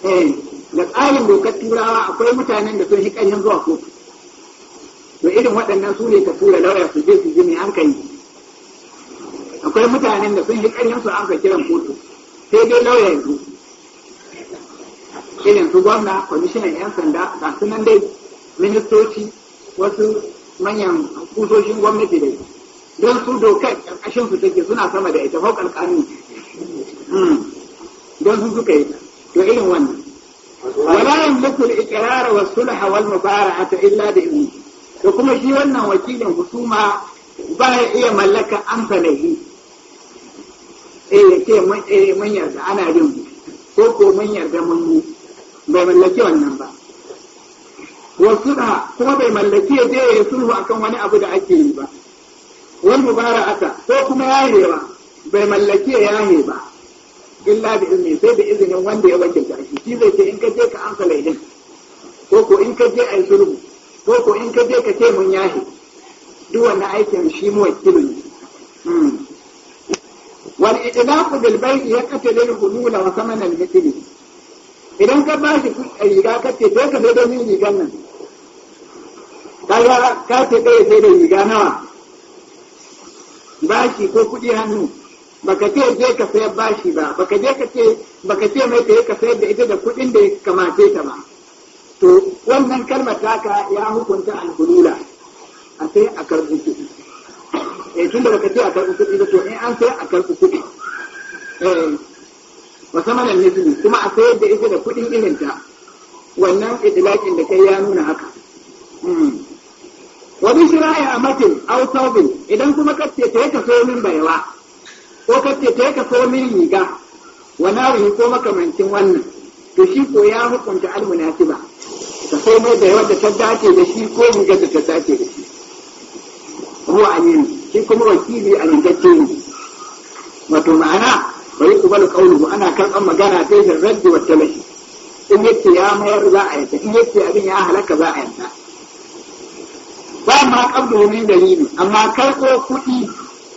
eh da tsarin dokar turawa akwai mutanen da sun shi ƙanyen zuwa kotu da irin waɗannan su ne ka tura lauya su je su ji mai hankali akwai mutanen da sun shi ƙanyen su an ka kiran kotu sai dai lauya yanzu irin su gwamna kwamishinan 'yan sanda ga su nan dai ministoci wasu manyan kusoshin gwamnati dai don su dokar ƙarƙashin su take suna sama da ita hau ƙarƙani don su suka yi to irin wannan wala 'yan yamliku al-iqrar wa sulh wal mubara'ata illa da ibni to kuma shi wannan wakilin husuma ba ya iya mallaka amsa laifi eh yake mun eh mun yarda ana bin ko ko mun yarda mun mu bai mallaki wannan ba wa sulha kuma bai mallaki ya je ya sulhu akan wani abu da ake yi ba wal mubara'ata ko kuma yayewa bai mallaki ya yaye ba illa bi izini sai da izinin wanda ya wakilta shi shi zai ce in ka je ka amsa laifin ko ko in ka je a sulhu ko ko in ka je ka ce mun yahi duk wannan aikin shi mu wakilin hmm. wal idlaqu bil bayt yaqtali al hulula wa thamana al mithl idan ka ba shi riga ka ce to ka sai da min rigan nan kaga ka ce kai sai da riga nawa bashi ko kudi hannu baka ce je ka sayar bashi ba baka je ka ce baka ce mai ta ka sayar da ita da kuɗin da ya kamace ta ba to wannan kalmar taka ya hukunta alhulula a sai a karɓi kuɗi eh tun da baka ce a karɓi kuɗi ba to in an sai a karɓi kuɗi eh musamman misali kuma a sayar da ita da kuɗin ilinta wannan idilakin da kai ya nuna haka hmm. wani shira'i a matin au idan kuma kace ta ya kaso min bayawa ko kace ta ka so min riga wa nawihi ko makamancin wannan to shi ko ya hukunta almunasiba ta sai mai da yawan da ta dace da shi ko riga da ta dace da shi ruwa amin shi kuma wakili a rigacce ne wato ma'ana bari bai kubalu ku ana karɓar magana ta yi zarrabi wa mashi in yake ya mayar za a yanta in yake abin ya halaka za a yanta ba ma kabdu min dalili amma karko kuɗi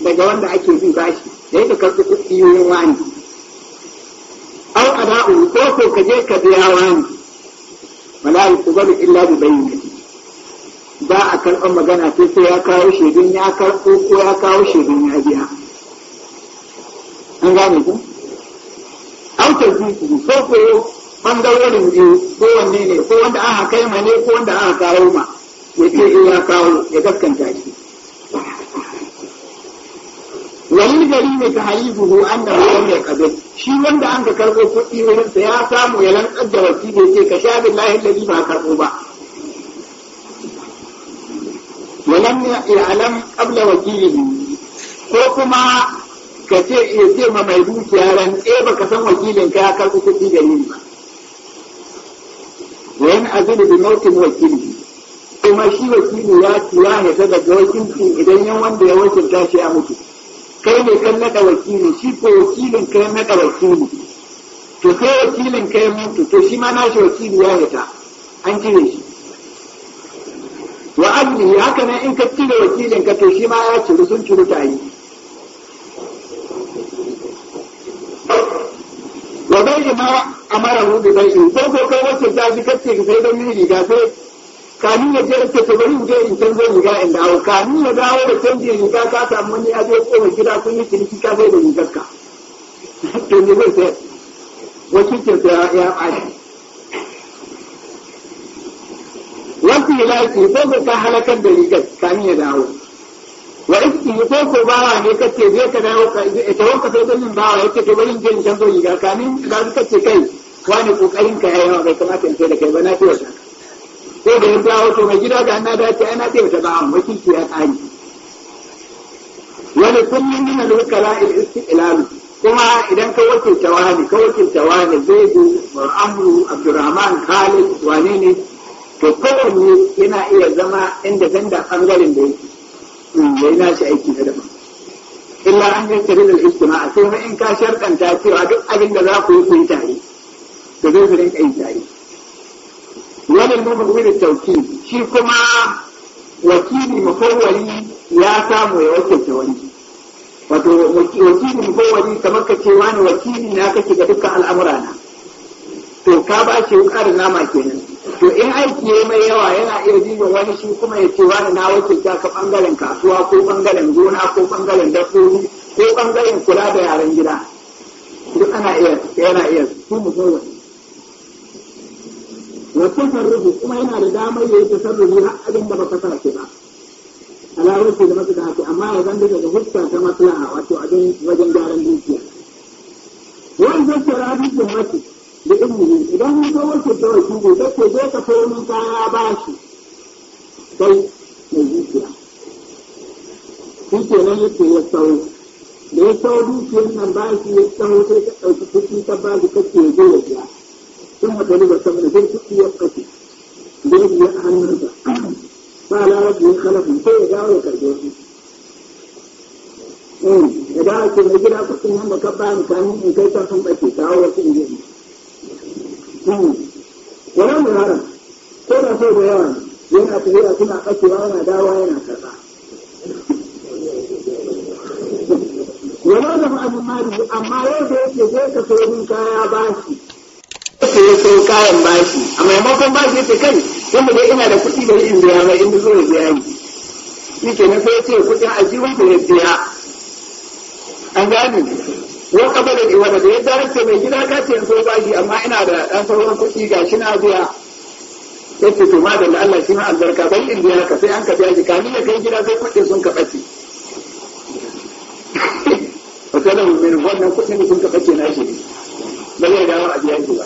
daga wanda ake bi bashi sai ka karɓi kuɗi wani au aba'u ko ko ka je ka biya wani wala bari illa bi ne? ba a karɓar magana sai sai ya kawo shaidun ya karɓo ko ya kawo shaidun ya biya an gane ku au ta zuku ko ko ɓangarorin biyu ko wanne ne ko wanda aka kai ma ne ko wanda aka kawo ma ya ce ya kawo ya gaskanta shi walil gari ne ta harifuhu annahu lam yaqdir shi wanda an ka karbo kuɗi wurin sa ya samu ya lantsar da wasi da yake ka sha billahi alladhi ba karbo ba walam ya'lam qabla wakilihi ko kuma ka ce ya ce ma mai dukiya ran eh baka san wakilin ka ya karbo kuɗi da ni ba wayan azulu bi mautin wakilihi kuma shi wakili ya tiya ya daga wakilci idan yan wanda ya wakilta shi ya mutu kai ne kan naɗa wakilin shi ko wakilin kai naɗa wakilin to kai wakilin kai mutu to shi ma nashi wakili ya hita an cire shi wa abdi haka nan in ka cire wakilin ka to shi ma ya ciri sun ciri ta yi wa bai ma amara hu bi bai ko ko kai wacce ta ji kace sai don miri ga sai kamin ya je ake ce bari je in canza riga in dawo kamin ya dawo da canji riga ka samu wani ya je koma gida kun yi ciniki ka sai da rigar ka to ne zai sai wakilcin sa ya ɓaci wasu ilaci sai ko ka halakar da rigar kamin ya dawo wa iski ko ko bawa ne kace je ka dawo ka ita wanka sai da min bawa yake to bari je in canzo riga kamin ka kace kai wani kokarin ka yayi wa kai kamata in ce da kai ba na fi wata sai da ya dawo to mai gida da na dace ana sai ta ba'an wakilci ya tsari wani kullum yana da kala ilalu. kuma idan ka wakilta wani ka wakilta wani zaidu amru abdurrahman khalid wane ne to kowanne yana iya zama inda sanda bangaren da yake hmm, ya yi nashi aiki na daban illa an yi tare da a sai in ka sharkanta cewa duk abin da za ku yi ku yi tare to zai ku rinka yi tare wani mafi da tauki shi kuma wakili mafawari ya samu ya wakilta wani wato wakili mafawari kamar ka ce wani wakili na kake ga dukkan al'amura na to ka ba shi wuka da nama kenan to in aiki ya mai yawa yana iya jibin wani shi kuma ya ce wani na wakilta ka bangaren kasuwa ko bangaren gona ko bangaren dabbobi ko bangaren kula da yaren gida duk ana iya yana iya su mutum wa tasarrufi kuma yana da damar yayi tasarrufi har abin da baka sa shi ba alawar da masu da haka amma ya zan daga hukka ta maslaha wato abin wajen gyaran dukiya wani zakkar abin da masu da ilmi idan mun kawo ke da wakili da ke zo ka kawo min kaya ba shi sai mai dukiya shi ke nan yake ya tsawo da ya tsawo dukiyar nan ba shi ya tsawo sai ka ɗauki kuɗi ka ba shi kake zo ya biya ta ثم قلب ثمن جلد يبقتي جلد يأهل رضا قال ربي خلف sai ya dawo ya karbe su ya dawo ce mai gida kuɗin nan baka ba ni kamin in kai ta sun ɓace kawo wasu in je wani mu haram ko da sai da yawa yana tafiya suna ɓacewa yana dawa yana karɓa wani da ma'azin mali amma yau da yake zai ka sayo min kaya bashi ce ya sai kayan bashi a maimakon bashi ce kai yadda dai ina da kuɗi da in biya mai inda zai biya mu ni ke na sai ce kuɗin ajiyar da ya biya an gani wa kabarin iwada da ya ce mai gida ka ce sai bashi amma ina da ɗan sauran kuɗi ga shi na biya ya ce to ma da Allah shi ma albarka bai in biya ka sai an ka biya shi kamin ya kai gida sai kuɗin sun ka ɓace wata da mai wannan kuɗin sun ka ɓace na shi ne ba zai dawo a biyan shi ba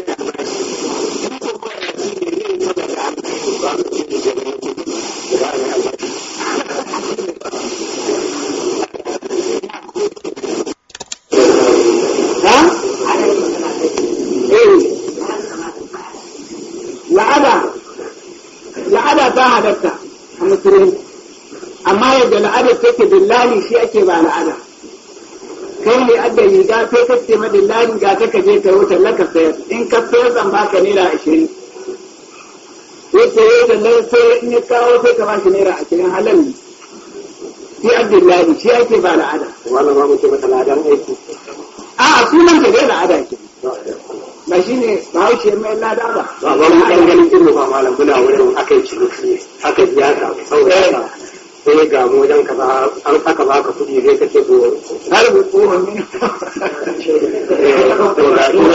halatta a musulmi amma yadda la'adar take dillali shi ake ba la'ada kai ne adda riga sai ka ce madillali ga ta kaje ka wuce laka sayar in ka sayar zan baka naira ashirin yace ya eh, dallar sai in ya kawo sai ka bashi naira ashirin halal ne shi abdullahi shi ake ba la'ada wannan ma muke mata la'adan aiki a a sunan ka dai la'ada ke ba shi ne ba haushe mai lada ba ba wani ɗan ganin ilmi ba malam muna wurin akai aka biya ka saboda sai ya gamu wajen ka an aka baka kuɗi zai kace to na rubutu wani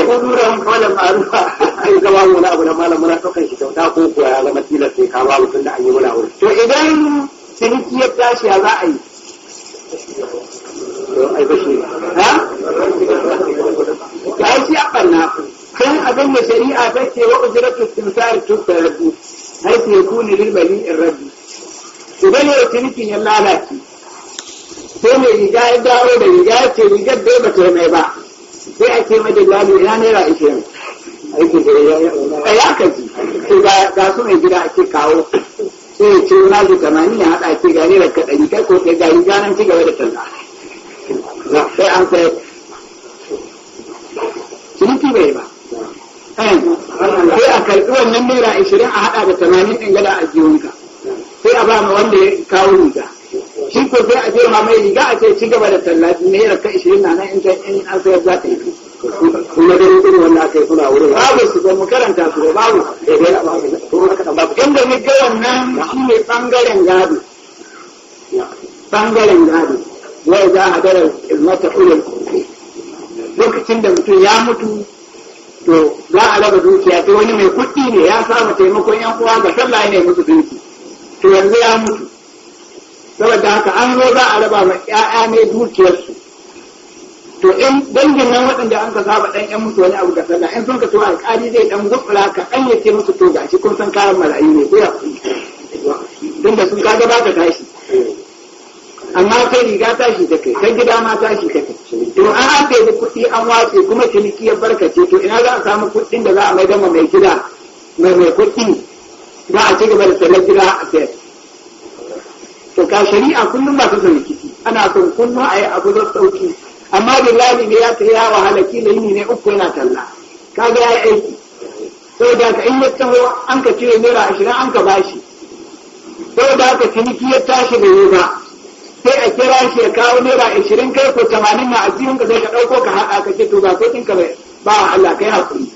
ko dura mun kawai ma'arufa sai ka bamu wani abu na malam muna ɗaukan shi kyauta ko kuwa ya zama tilas sai ka ba bamu tunda an yi muna wuri to idan ciniki ya tashi ya za a yi ai bashi ya yi shi a ɓanna kan abin da shari'a ta ce wa ujiratu timsar tukar rubutu haifu ya kuni lilbani in rabi idan yau cinikin ya lalace sai mai riga ya dawo da riga ya ce rigar da ya bata mai ba sai a ce mata jami ya naira ishirin aikin da eh, ya yi ya ji, to ga su mai gida ake kawo sai ya ce na zu ni ya haɗa ce gari da kaɗa, kaɗari kai ko kai gari ganin ci gaba da canza sai an sai ciniki bai ba sai a wannan naira ashirin a haɗa da tamanin in gada a jiwonka sai a ba wanda ya kawo riga shi ko sai a jera mai riga a ce ci gaba da tallafi naira ka ashirin na nan in ta in an sayar za ta yi kuma da irin wanda aka yi suna wurin babu su zan mu karanta su ba babu inda ni ga wannan shi ne bangaren gado bangaren gado wai za a gara ilmata ulul kurfi lokacin da mutum ya mutu to za a raba dukiya sai wani mai kuɗi ne ya samu taimakon yan uwa ga sallah ne musu dinki to yanzu ya mutu saboda haka an zo za a raba ma ƴaƴa ne dukiyarsu to in dangin nan waɗanda an ka saba ɗan yan musu wani abu ga sallah in sun ka to alƙali zai ɗan gutsura ka dan ya ce musu to gashi kun san kayan marayu ne ko ya kuɗi tunda sun ka ba ka tashi amma kai riga tashi ta kai kai gida ma tashi ta kai to an an da kuɗi an wace kuma ciniki ya barkace to ina za a samu kuɗin da za a mai gama mai gida mai mai kuɗi ba a ci gaba da tsanar gida a sayar to ka shari'a kullum ba su zama kiki ana son kullum a yi abu da sauki amma billahi ne ya kai ya wahala kila yini ne uku yana talla ga ya yi aiki da ka in ya taho an ka cire naira ashirin an ka bashi da ka ciniki ya tashi da yi ba sai a kira shi ya kawo naira ashirin kai ko tamanin na asihun ka sai ka ɗauko ka haɗa ka ce to ga kuɗin ka ba Allah kai hakuri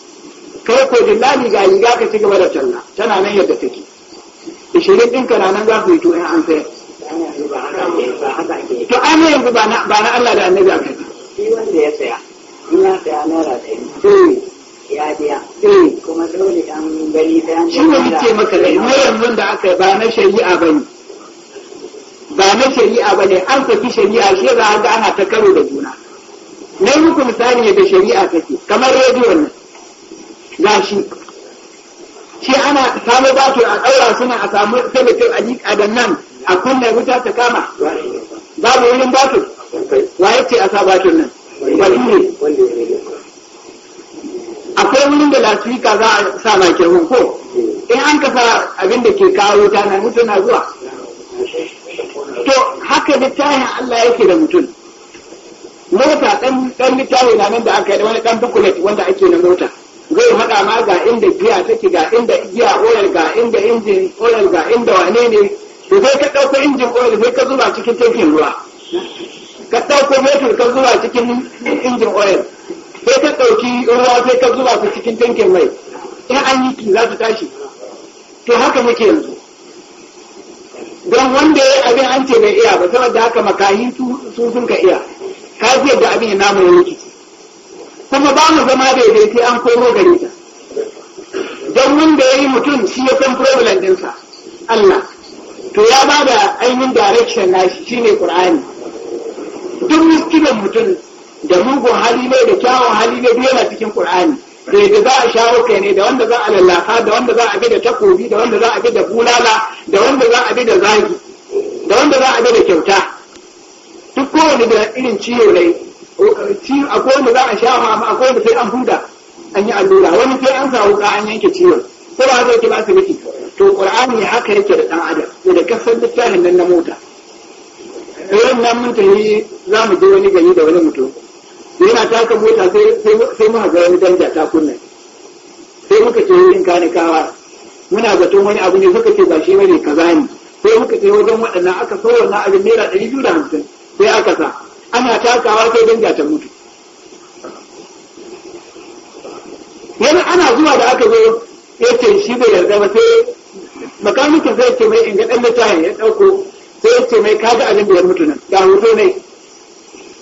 kai ko dillali ga riga ka ci gaba da talla tana nan yadda take ishirin ɗin ka nan za ku yi to in an sai to an yanzu ba na Allah da annabi a kai. shi wanda ya saya in ya saya naira ɗari eh. ya biya eh. kuma dole an bari da shi ne muke maka da yanzu da aka ba na shari'a bane ba na shari'a ba ne an saki shari'a shi za a ga ana ta karo da juna na yi muku misali da shari'a take kamar rediyon nan ga shi shi ana samu batir a ɗaura suna a samu talabijin a da nan a kunna wuta ta kama babu wurin batir waye ce a sa nan wani akwai wurin da lasifika za a sa bakin ko in an kasa abin da ke kawo ta na mutu na zuwa to haka littafin Allah yake da mutum mota dan dan littafi na nan da aka yi wani dan bukulet wanda ake na mota zai haɗa ma ga inda giya take ga inda giya oil ga inda injin oil ga inda wane ne to sai ka ɗauko injin oil sai ka zuba cikin tankin ruwa ka ɗauko motor ka zuba cikin injin oil sai ka ɗauki ruwa sai ka zuba su cikin tankin mai in an yi ki za su tashi to haka muke yanzu don wanda ya abin an ce bai iya ba saboda haka makahi su sun ka iya ka da abin ya namu ya rikici kuma ba mu zama ya sai an koro gare ta don wanda ya yi mutum shi ya san problem dinsa Allah to ya ba da ainihin direction na shi ne ƙur'ani. duk miskinan mutum da mugun hali ne da kyawun hali ne duk yana cikin ƙur'ani. da da za a shawo kai ne da wanda za a lallafa da wanda za a bi da takobi da wanda za a bi da bulala da wanda za a bi da zagi da wanda za a bi da kyauta duk kowane da irin ciwo ne akwai wanda za a shawo amma akwai wanda sai an huda an yi allura wani sai an sa wuka an yanke ciwon ko ba zai ba asibiti to qur'ani haka yake da dan adam da kasar littafin nan na mota ran nan mun tafi za mu je wani gari da wani mutum yana taka mota sai muka ga wani danja ta kunna sai muka ce wurin kane kawa muna zaton wani abu ne suka ce ba shi bane kaza ne sai muka ce wajen waɗannan aka so wannan abin naira ɗari biyu da hamsin sai aka sa ana takawa sai danja ta mutu yana ana zuwa da aka zo ya ce shi bai yarda ba sai makamikin sai ce mai inga ɗan littafin ya ɗauko sai ya ce mai kaga abin da ya mutu nan ga hoto ne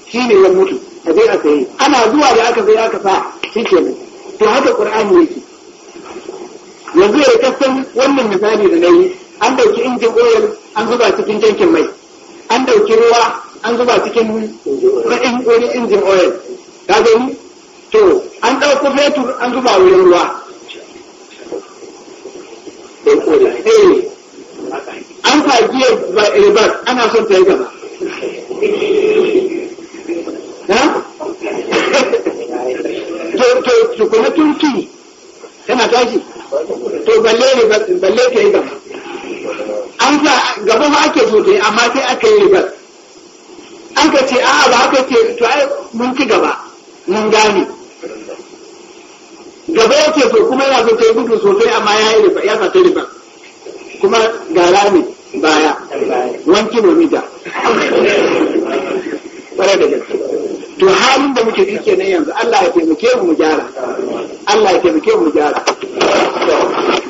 shi ne ya mutu a a sayi ana zuwa da aka zai aka sa shi kenan to haka qur'ani yake yanzu ya kasan wannan misali da nayi an dauki injin oil an zuba cikin tankin mai an dauki ruwa an zuba cikin wani injin oil ka gani to an dauko fetur an zuba wurin ruwa eh. an fagiyar ba eh, ana son ta yi gaba to to kuma turki tana tashi to balle ne balle ta yi gaba an sa gaba ba ake so ta yi amma sai aka yi ribar an ka ce a'a ba haka ce to ai mun ci gaba mun gane gaba yake so kuma yana so ta yi gudu sosai amma ya yi ya sa ta riba kuma gara ne baya 1 kilomita ƙwarar da gaske to halin da muke cike ne yanzu Allah ya taimake mu gyara Allah ya taimake mu gyara